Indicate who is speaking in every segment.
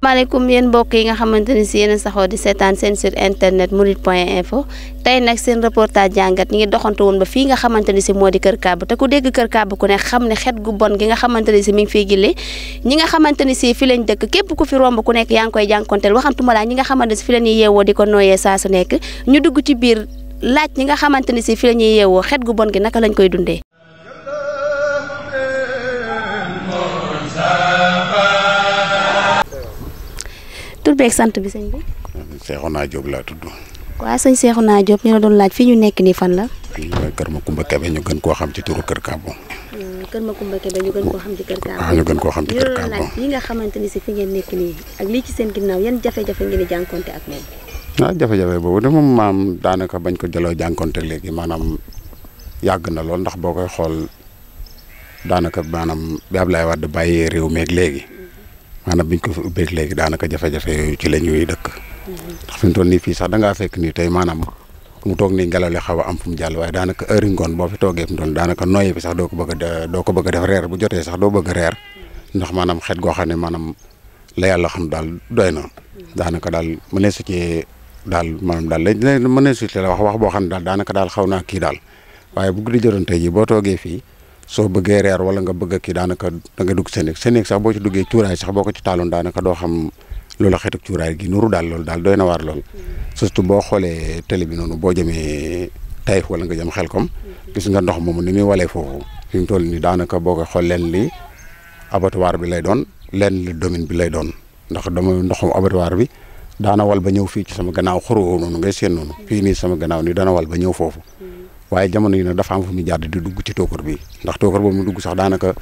Speaker 1: maaleykum yéen bokk yi nga xamante ni si yéen saxoo di seetaan seen sur internet mourides point info tey nag seen reportage jàngat ñi ngi doxantu woon ba fii nga xamante ni si moo di kër kàbb te ku kër kàbb ku ne xam ne xet bon gi nga xamante ni si mi ngi fiy gille ñi nga xamante ni si fi lañ dëkk képp ku fi romb ku nekk yaa ngi koy jànkonteel waxantuma laa ñi nga xamante fi la ñuy yeewoo di ko nooyee saa su nekk ñu dugg ci biir laaj ñi nga xamante ni si fi la ñuy yeewoo xet gu bon gi naka lañ koy dundee tur beeg sant bi sëñ bi.
Speaker 2: Seexuna Diop laa tudd.
Speaker 1: waaw sëñ Seexuna Diop ñu la doon laaj fi ñu nekk nii fan la.
Speaker 2: fii kër Macoumba Kébé ñu gën koo xam ci turu kër
Speaker 1: Kabo. Hmm, kër Macoumba Kébé ñu gën koo xam ci kër Kabo. waaw ah, ñu gën koo xam ci kër Kabo ñu doon laaj yi nga xamante ni si fi ngeen nekk nii ak lii ci seen ginnaaw yan jafe-jafe ngeen di jànkonte ak moom.
Speaker 2: waaw ah, jafe-jafe boobu de moom maam daanaka bañ ko jëloo jànkonte léegi maanaam yàgg na lool ndax boo koy xool daanaka maanaam bi Ablaye Wade bàyyee réew meeg léegi maanaam biñ ko fa ubbeek daanaka jafe-jafe yooyu ci la ñuy dëkk. ndax mhm. fi mu nii fii sax da ngaa fekk nii tey maanaam mu toog ni ngelaw li xaw am fu mu jàll waaye daanaka heure ngoon boo fi toogee fi mu toll daanaka noyyi bi sax doo ko bëgg a doo ko bëgg a def reer bu jotee sax doo bëgg a mhm. ndax maanaam xet goo xam ne maanaam la yàlla xam daal doy na mhm. daanaka daal mu ne su cee daal maanaam daal lañ mën a suutle la wax wax boo xam ne daal daanaka daal xaw naa kii daal waaye bu guddi jotoon tey jii boo toogee fii soo bëggee reer wala nga bëgg a kii daanaka da nga dugg sa néeg sax boo ci duggee cuuraay sax boo ko ci taaloon daanaka doo xam loola xeetu cuuraay gi nuru daal loolu daal doy na waar lool surtout boo xoolee télé bi noonu boo jëmee Taïf wala nga jëm Xelkom gis nga ndox moom ni muy walee foofu fi mu toll nii daanaka boo ko xool leen li waar bi lay doon leen li domaine bi lay doon ndax dama ndoxum waar bi daana wal ba ñëw fii ci sama gannaaw xuroo noonu ngay seen noonu fii nii sama gannaaw dana wal ba ñëw foofu waaye jamono yi nag dafa am fu muy jaar di dugg ci tookar bi ndax tookar boobu mu dugg sax daanaka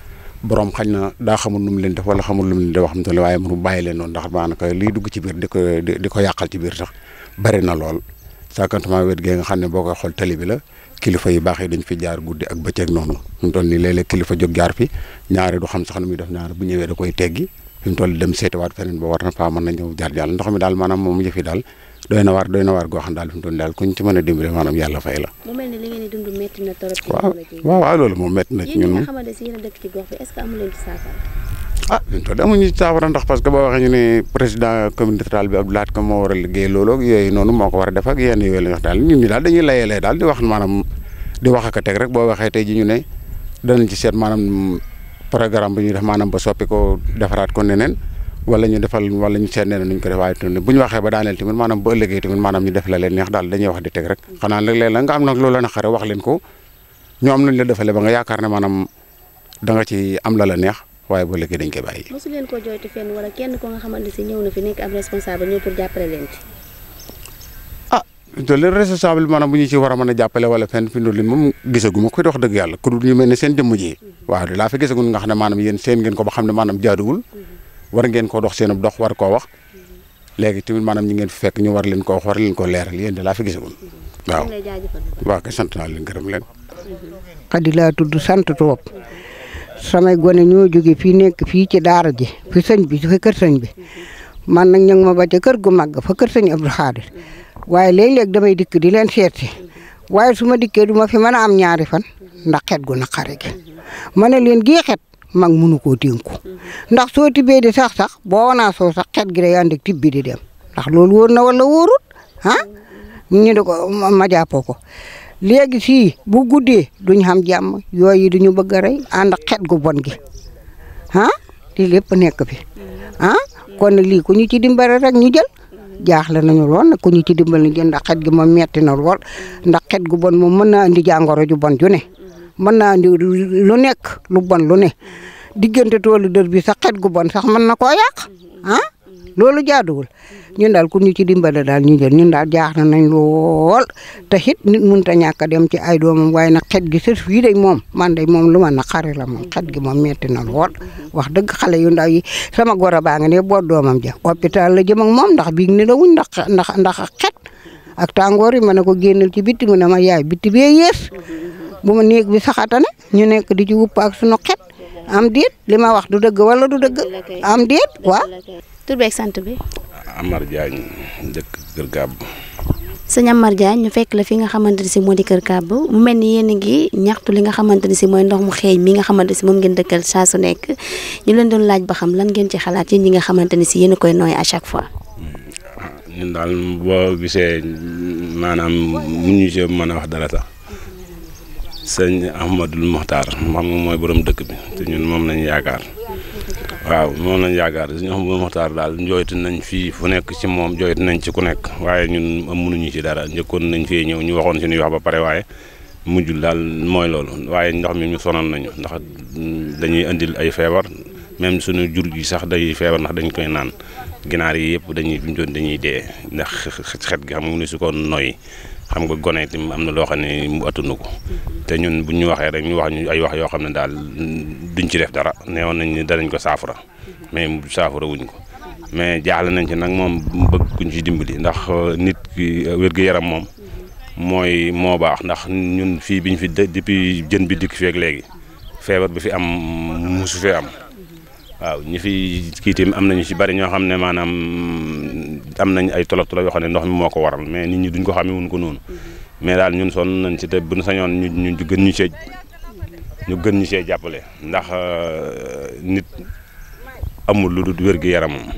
Speaker 2: borom xañ na daa xamul nu mu leen def wala xamul lu mu leen def wax xam te ne waaye mu bàyyi leen noonu ndax daanaka liy dugg ci biir ko di ko yàqal biir sax bari na lool sakantement wet gee nga xam ne boo koy xool tali la kilifa yu baax yi dañ jaar guddi ak bëccëg noonu fi mu toll kilifa jóg jaar fi ñaari du xam sax nu muy def ñaar bu ñëwee da koy teggi fi mu toll dem seetiwaat feneen ba war na faa mën na ñëw jaar jàll ndox mi daal maanaam moom yëfi daal doyna war doyna war go xam dal fi doon dal kuñ ci mëna a dimbali maanaam yàlla fay la. mu melni
Speaker 1: li ngeen di dundu metti na torop. ci waaw
Speaker 2: waaw lolu mo metti na ci ñun. ñi nga
Speaker 1: xamante si yéen a ci gox bi est ce que amu leen ci saafara.
Speaker 2: ah ñu mu toll amuñu ci ndax parce que ba waxee ñu ni président communauté rurale bi Abdou Lahad Ka moo war a liggéey ak yoy nonu moko wara def ak yenn yooyu la wax dal ñun ñi dal dañuy layalee dal di wax manam di wax ak tek rek bo waxee tay ji ñu ne dañ ci seet manam programme bu ñu def manam ba soppi ko defaraat ko neneen wala ñu defal wala ñu seet nee na ñu ko def waaye tamit bu ñu waxee ba daaneel tamit maanaam ba ëllëgee tamit maanaam ñu def la leen neex daal dañuy wax di teg rek xanaa nag léeg-léeg nga leen defalee ba nga yaakaar ne maanaam da nga am la la neex waaye ba ëllëgee dañ koy bàyyi.
Speaker 1: mosu leen ko na fi nekk am responsable ñëw pour jàppale leen ci
Speaker 2: te ah, le responsable maanaam bu ñu ci war a mën a jàppale wala fenn fi ndóol moom gisagu ma koy wax dëgg yàlla ku ñu mel ne seen jëm ji mhm. waaw de laa fi gisagun nga xam ne maanaam yéen seen ngeen ko ba xam ne maanaam jaaduwul mhm. war ngeen ko dox seen dox war koo wax léegi tamit maanaam ñi ngeen fi fekk ñu war leen ko wax war leen ko leeral yéen de laa fi gisagoon. waaw waaw kay sant naa leen gërëm leen.
Speaker 3: Mm-hmm. xadi laa tudd sant Toob samay gone ñoo jóge fii nekk fii ci daara ji fi sëñ bi fa kër sëñ bi mm-hmm. man nag ñu ngi ma ba ca kër gu màgg fa kër sëñ Abdou Khadir mm-hmm. waaye léeg-léeg damay dikk di leen seet si waaye su ma dikkee du ma fi mën a am ñaari fan ndax xet gu naqare gi ma ne leen gii xet mag munu koo dénku mhm. ndax soo tibbee di sax sax boo wanaa soo sax xet gi day ànd ak tibbi di dem ndax loolu wóor na wala wóorut ah mhm. ñu ne ko ma jàppoo ko léegi si bu guddee duñ xam jàmm yooyu ñu bëgg a rey ànd ak xet gu bon gi ah lii lépp nekk fi mhm. ah kon nag lii ku ñu ci dimbale rek ñu jël jaaxle nañu lool nag ku ñu ci dimbale ñu ndax xet gi moom metti na lool ndax xet gu bon moom mën na andi jàngoro ju bon ju ne man naa ndi lu nekk lu bon lu ne diggante toolu dër bi sa xet gu bon sax man na koo yàq ah loolu jaaduwul ñun daal ku ñu ci dimbale daal ñu jël ñun daal jaax na nañ lool te it nit mënut ta ñàkk dem ci ay doomam waaye nag xet gi sës yi day moom man day moom lu ma na xari la moom xet gi moom metti na lool wax dëgg xale yu ndaw yi sama gora baa nga ne boot doomam ja hôpital la jëm ak moom ndax biig ne la wuñ ndax ndax ndax xet ak tàngoor yi ma ne ko génnal ci bitti mu ne ma yaay bitti bee yes bu neeg bi saxatane ñu nekk di ci wupp ak suñu xet am deet lima wax du deug wala du deug am deet wa tour beeg sante bi
Speaker 4: Amar jañ dekk Kër gab
Speaker 3: señ
Speaker 1: Amar jañ ñu fekk la fi nga xamanteni ci modi moo di mu melni ni gi ñaxtu li nga xamanteni ci moy ndox mu xey mi nga xamanteni si ngeen dekkal sa su nekk ñu leen doon laaj ba xam lan ngeen ci xalaat ñi nga xamanteni ci koy noy à chaque fois hmm,
Speaker 4: ah, ñun dal bo gisé manam wax dara sax sëñ Ahmadul Moxtaar xam nga mooy borom dëkk bi te ñun moom lañ yaakaar waaw moom nañ yaakaar sëñ Ahmadul Moxtaar daal jooytu nañ fii fu nekk ci moom jooytu nañ ci ku nekk waaye ñun mënuñu ci dara njëkkoon nañ fee ñëw ñu waxoon suñuy wax ba pare waaye mujjul daal mooy loolu waaye ndox mi ñu sonal nañu ndax dañuy indil ay feebar même suñu jur gi sax day feebar ndax dañ koy naan ginaar yi yëpp dañuy fi mu dañuy dee ndax xet gi xam nga ne su ko noyyi xam nga gone itam am na loo xam ne mu ko te ñun bu ñu waxee rek ñu wax ñu ay wax yoo xam ne daal duñ ci def dara neewoon nañ ne danañ ko saafara mais saafara wuñ ko mais jaaxle nañ ci nag moom bëgg kuñ ci dimbali ndax euh, nit ki euh, wér yaram moom mooy moo baax ndax ñun fii bi ñu fi depuis jën bi dikk feeg léegi feebar bi fi am musu fee am waaw ñu fi kiitim am nañu ci bari ñoo xam ne maanaam am nañ ay tolof tolof yoo xam ne ndox mi moo ko waral mais nit ñi duñ ko xamee wuñ ko noonu mhm. mais daal ñun sonn nañ ci te buñ sañoon ñu ñu gën ñu see gën ñu see jàppale ndax euh, nit amul lu dul wér gi yaramam mhm.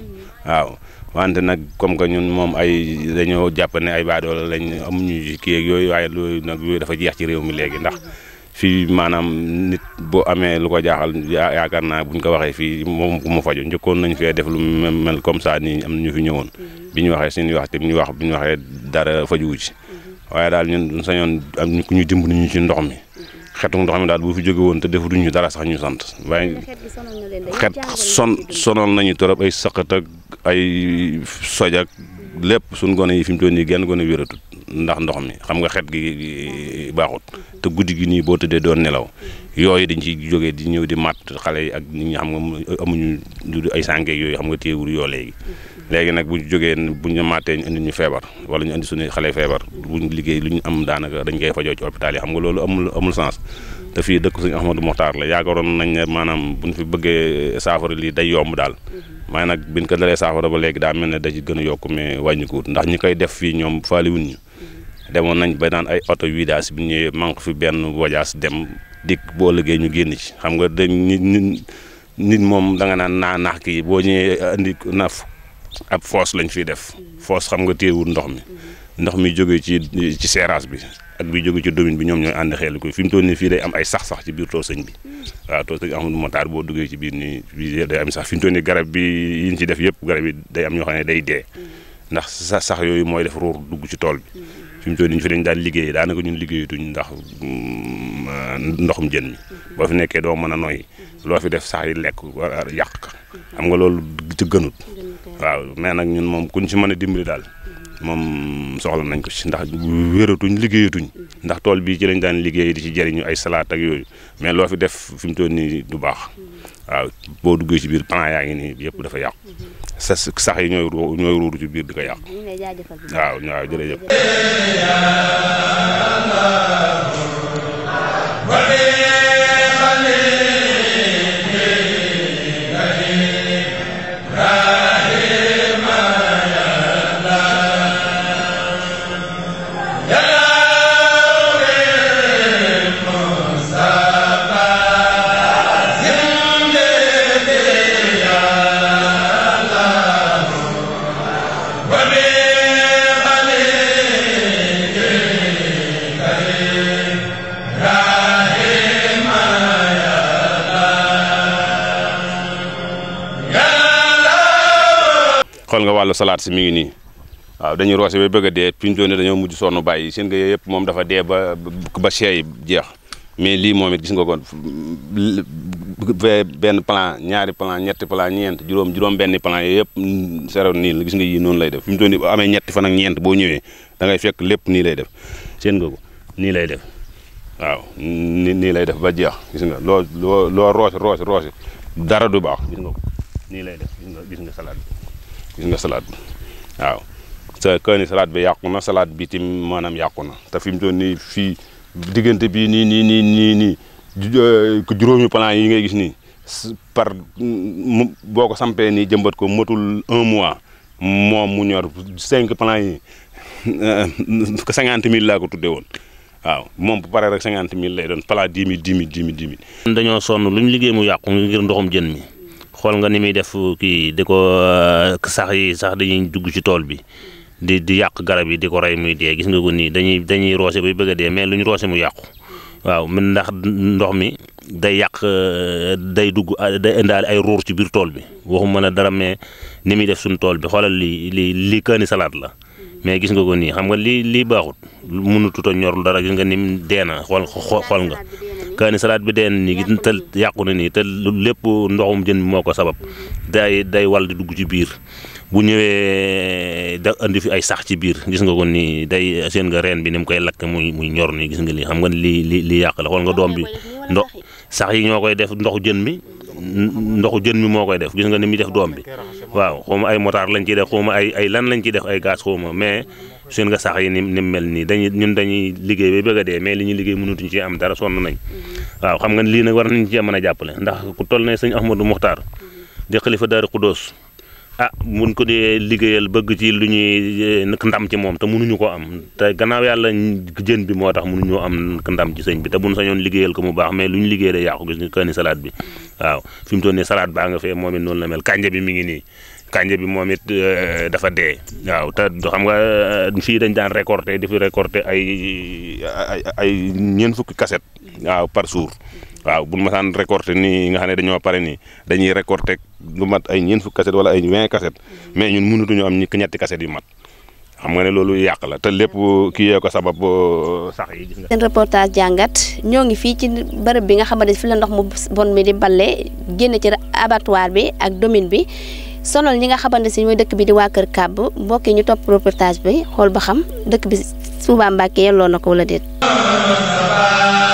Speaker 4: waaw wante nag comme que ñun moom ay dañoo jàpp ne ay baadoola lañ amuñu kii ak yooyu waaye loolu nag yooyu dafa jeex ci réew mi léegi ndax. Mhm. fii maanaam nit boo amee lu ko jaaxal yaakaar naa buñ ko waxee fii moom mu faju njëkkoon nañ fee def lu mel comme ça nii am na ñu fi ñëwoon mm-hmm. bi ñu waxee suñuy wax te bi ñu wax bi ñu waxee dara fajuwu ci mm-hmm. waaye daal ñun sañoon am ñu ku ñu dimbali ñu ci ndox mi mm-hmm. xetu ndox mi daal bu fi jóge woon te defutuñ ñu dara sax ñu sant waaye xet son sonal nañu trop ay saqat ak ay soj ak lépp suñ gone yi fi mu toll nii genn gone wératut ndax ndox mi xam nga xet gi baaxut te guddi gi nii boo tëddee doon nelaw yooyu dañ ci jógee di ñëw di matt xale yi ak nit ñi xam nga amuñu ay sànke yooyu xam nga téewul yoo léegi léegi nag bu ñu jógee bu ñu màttee ñu indi ñu feebar wala ñu indi suñu xale feebar ñu liggéey lu ñu am daanaka dañ koy fajoo ci hôpital yi xam nga loolu amul amul sens te fii dëkk suñu Ahmadou Mokhtar la yaakaaroon nañ ne maanaam bu buñ fi bëggee saafara lii day yomb daal maay nag biñ ko dalee saafara ba léegi daa mel ne da gën a yokk mais wàññi wut ndax ñu koy def fii ñoom faaliwuñ ñu mm-hmm. demoon nañ ba naan ay oto vidange bi ñëwee manque fi benn wajaas dem dikk boo liggéey ñu génn ci xam nga dañ nit nit moom da nga naan naa naax kii boo ñëwee andi naf ab foos lañ fiy def mm-hmm. foos xam nga téewul ndox mi mm-hmm. ndox mi jógee ci ci bi ak bi jóge ci domaine bi ñoom ñooy ànd xeelu ko fi mu toll nii fii day am ay sax-sax ci biir tool sëñ bi waaw tool sëñ boo duggee ci biir nii bii day am sax fi mu toll nii garab bi yi ñu ci def yëpp garab yi day am ñoo xam ne day dee ndax sax sax yooyu mooy def dugg ci tool bi fi mu toll nii ñu fi dañ daan liggéeyee daanaka ñun liggéeyatuñ ndax mm, ndoxum jën mi boo fi nekkee doo mën a noyyi loo fi def sax yi lekk yàq xam nga loolu ci gënut waaw mais nag ñun moom kuñ ci mën a dimbali daal moom soxla nañ ko ci ndax wéeratuñ liggéeyatuñ ndax tool bii ci lañ daan liggéey di ci jariñu ay salaat ak yooyu mais loo fi def fi mu toll nii du baax waaw boo duggee ci biir plan yaa ngi nii yëpp dafa yàqu sa sax yi ñooy ñooy ruuru ci biir di ko yàqu
Speaker 1: waaw waaw jërëjëf
Speaker 4: nga wàllu salaat si mi ngi nii waaw dañuy roose ba bëgg a dee fi ñu doon ne dañoo mujj sonn bàyyi seen nga yëpp moom dafa dee ba ba seey jeex mais lii moom it gis nga ko benn plan ñaari plan ñetti plan ñeent juróom juróom benn plan yooyu yëpp seroon nii la gis nga yii noonu lay def fi mu toll nii amee ñetti fan ak ñeent boo ñëwee da ngay fekk lépp nii lay def seen nga ko nii lay def waaw nii nii lay def ba jeex gis nga loo loo loo roose roose roose dara du baax gis nga ko nii lay def gis nga gis nga salaat bi gis nga salaat bi waaw sa kani salaat bi yàqu na salaat bi tim maanaam yàqu na te fi mu doon nii fii diggante bi nii nii nii nii nii euh, juróomi palant yi ngay gis nii par mm, boo ko sampee nii jëmbat ko matul un mois moom mu ñor cinq plan yi euh, cinquante mille laa ko tuddee woon waaw moom bu paree rek cinquante mille lay doon plan dix mille dix mille dix mille
Speaker 5: dañoo sonn lu ñu liggéey mu yàqu ngir ndoxum jën mi xool nga ni muy def kii di ko euh, sax yi sax dañuy dugg ci tool bi di di yàq garab yi di ko rey muy dee gis nga ko nii dañuy dañuy roose bay bëgg a dee mais lu ñu roose mu yàqu waaw man ndax ndox mi day yàq euh, day dugg euh, day indaal ay ruur ci biir tool bi waxuma ne dara mais ni muy def suñu tool bi xoolal lii lii lii kaani salaat la mais gis nga ko nii xam nga lii lii baaxut mënutut a ñor dara gis nga ni mu dee na xool xool nga kaani salaat bi deen ni gi te yàqu na nii te lépp ndoxum jën bi moo ko sabab day day wal dugg ci biir bu ñëwee da andi fi ay sax ci biir gis nga ko nii day seen nga reen bi ni mu koy lakk muy muy ñor nii gis nga lii xam nga lii li lii yàq la xool nga doom bi ndox sax yi ñoo koy def ndox jën mi ndoxu jën mi moo koy def gis nga ni muy def doom bi waaw xaw ma ay motaar lañ ciy def xaw ma ay ay lan lañ ciy def ay gaz xaw ma mais suñ nga sax yi ni ni mel nii dañuy ñun dañuy liggéey ba bëgg a dee mais li ñuy liggéey mënatuñ ci am dara sonn nañ waaw xam nga lii nag war nañ ci mën a jàppale ndax ku toll ne sëñ Ahmadou Mokhtar di xalifa Daaru Xuddoos ah mun ko dee liggéeyal bëgg ci lu ñuy eh, ndam ci moom te munuñu ko am te gannaaw yàlla jën bi moo tax munuñoo am kandam ci sëñ bi te mun buñ sañoon liggéeyal ko mu baax mais lu ñu liggéey de yàqu gis bi waaw fi mu toll nii salade baa nga fee moom it noonu la mel kànja bi nii kànja bi moom it eh, dafa dee waaw te xam nga eh, fii dañ daan récolter di fi récolter ay ay ay ñeent fukki kaset waaw par suur waaw bu
Speaker 4: ma saan récolter ni nga xam ne dañoo pare nii dañuy récolter lu mat ay ñeen fukki cassette wala ay vingt cassette mais ñun mënatuñu am ñetti cassette yu mat xam nga ne loolu yàq la te lépp kii yee ko sabab euh, sax yi gis
Speaker 1: nga. seen reportage jàngat ñoo ngi fii ci bërëb bi nga xamante fi la ndox mu bon mi di balle génn ci abattoir bi ak domaine bi sonal ñi nga xamante si mooy dëkk bi di waa Kër Kàbb mbokki ñu topp reportage bi xool ba xam dëkk bi Touba Mbacké yelloo na ko wala déet.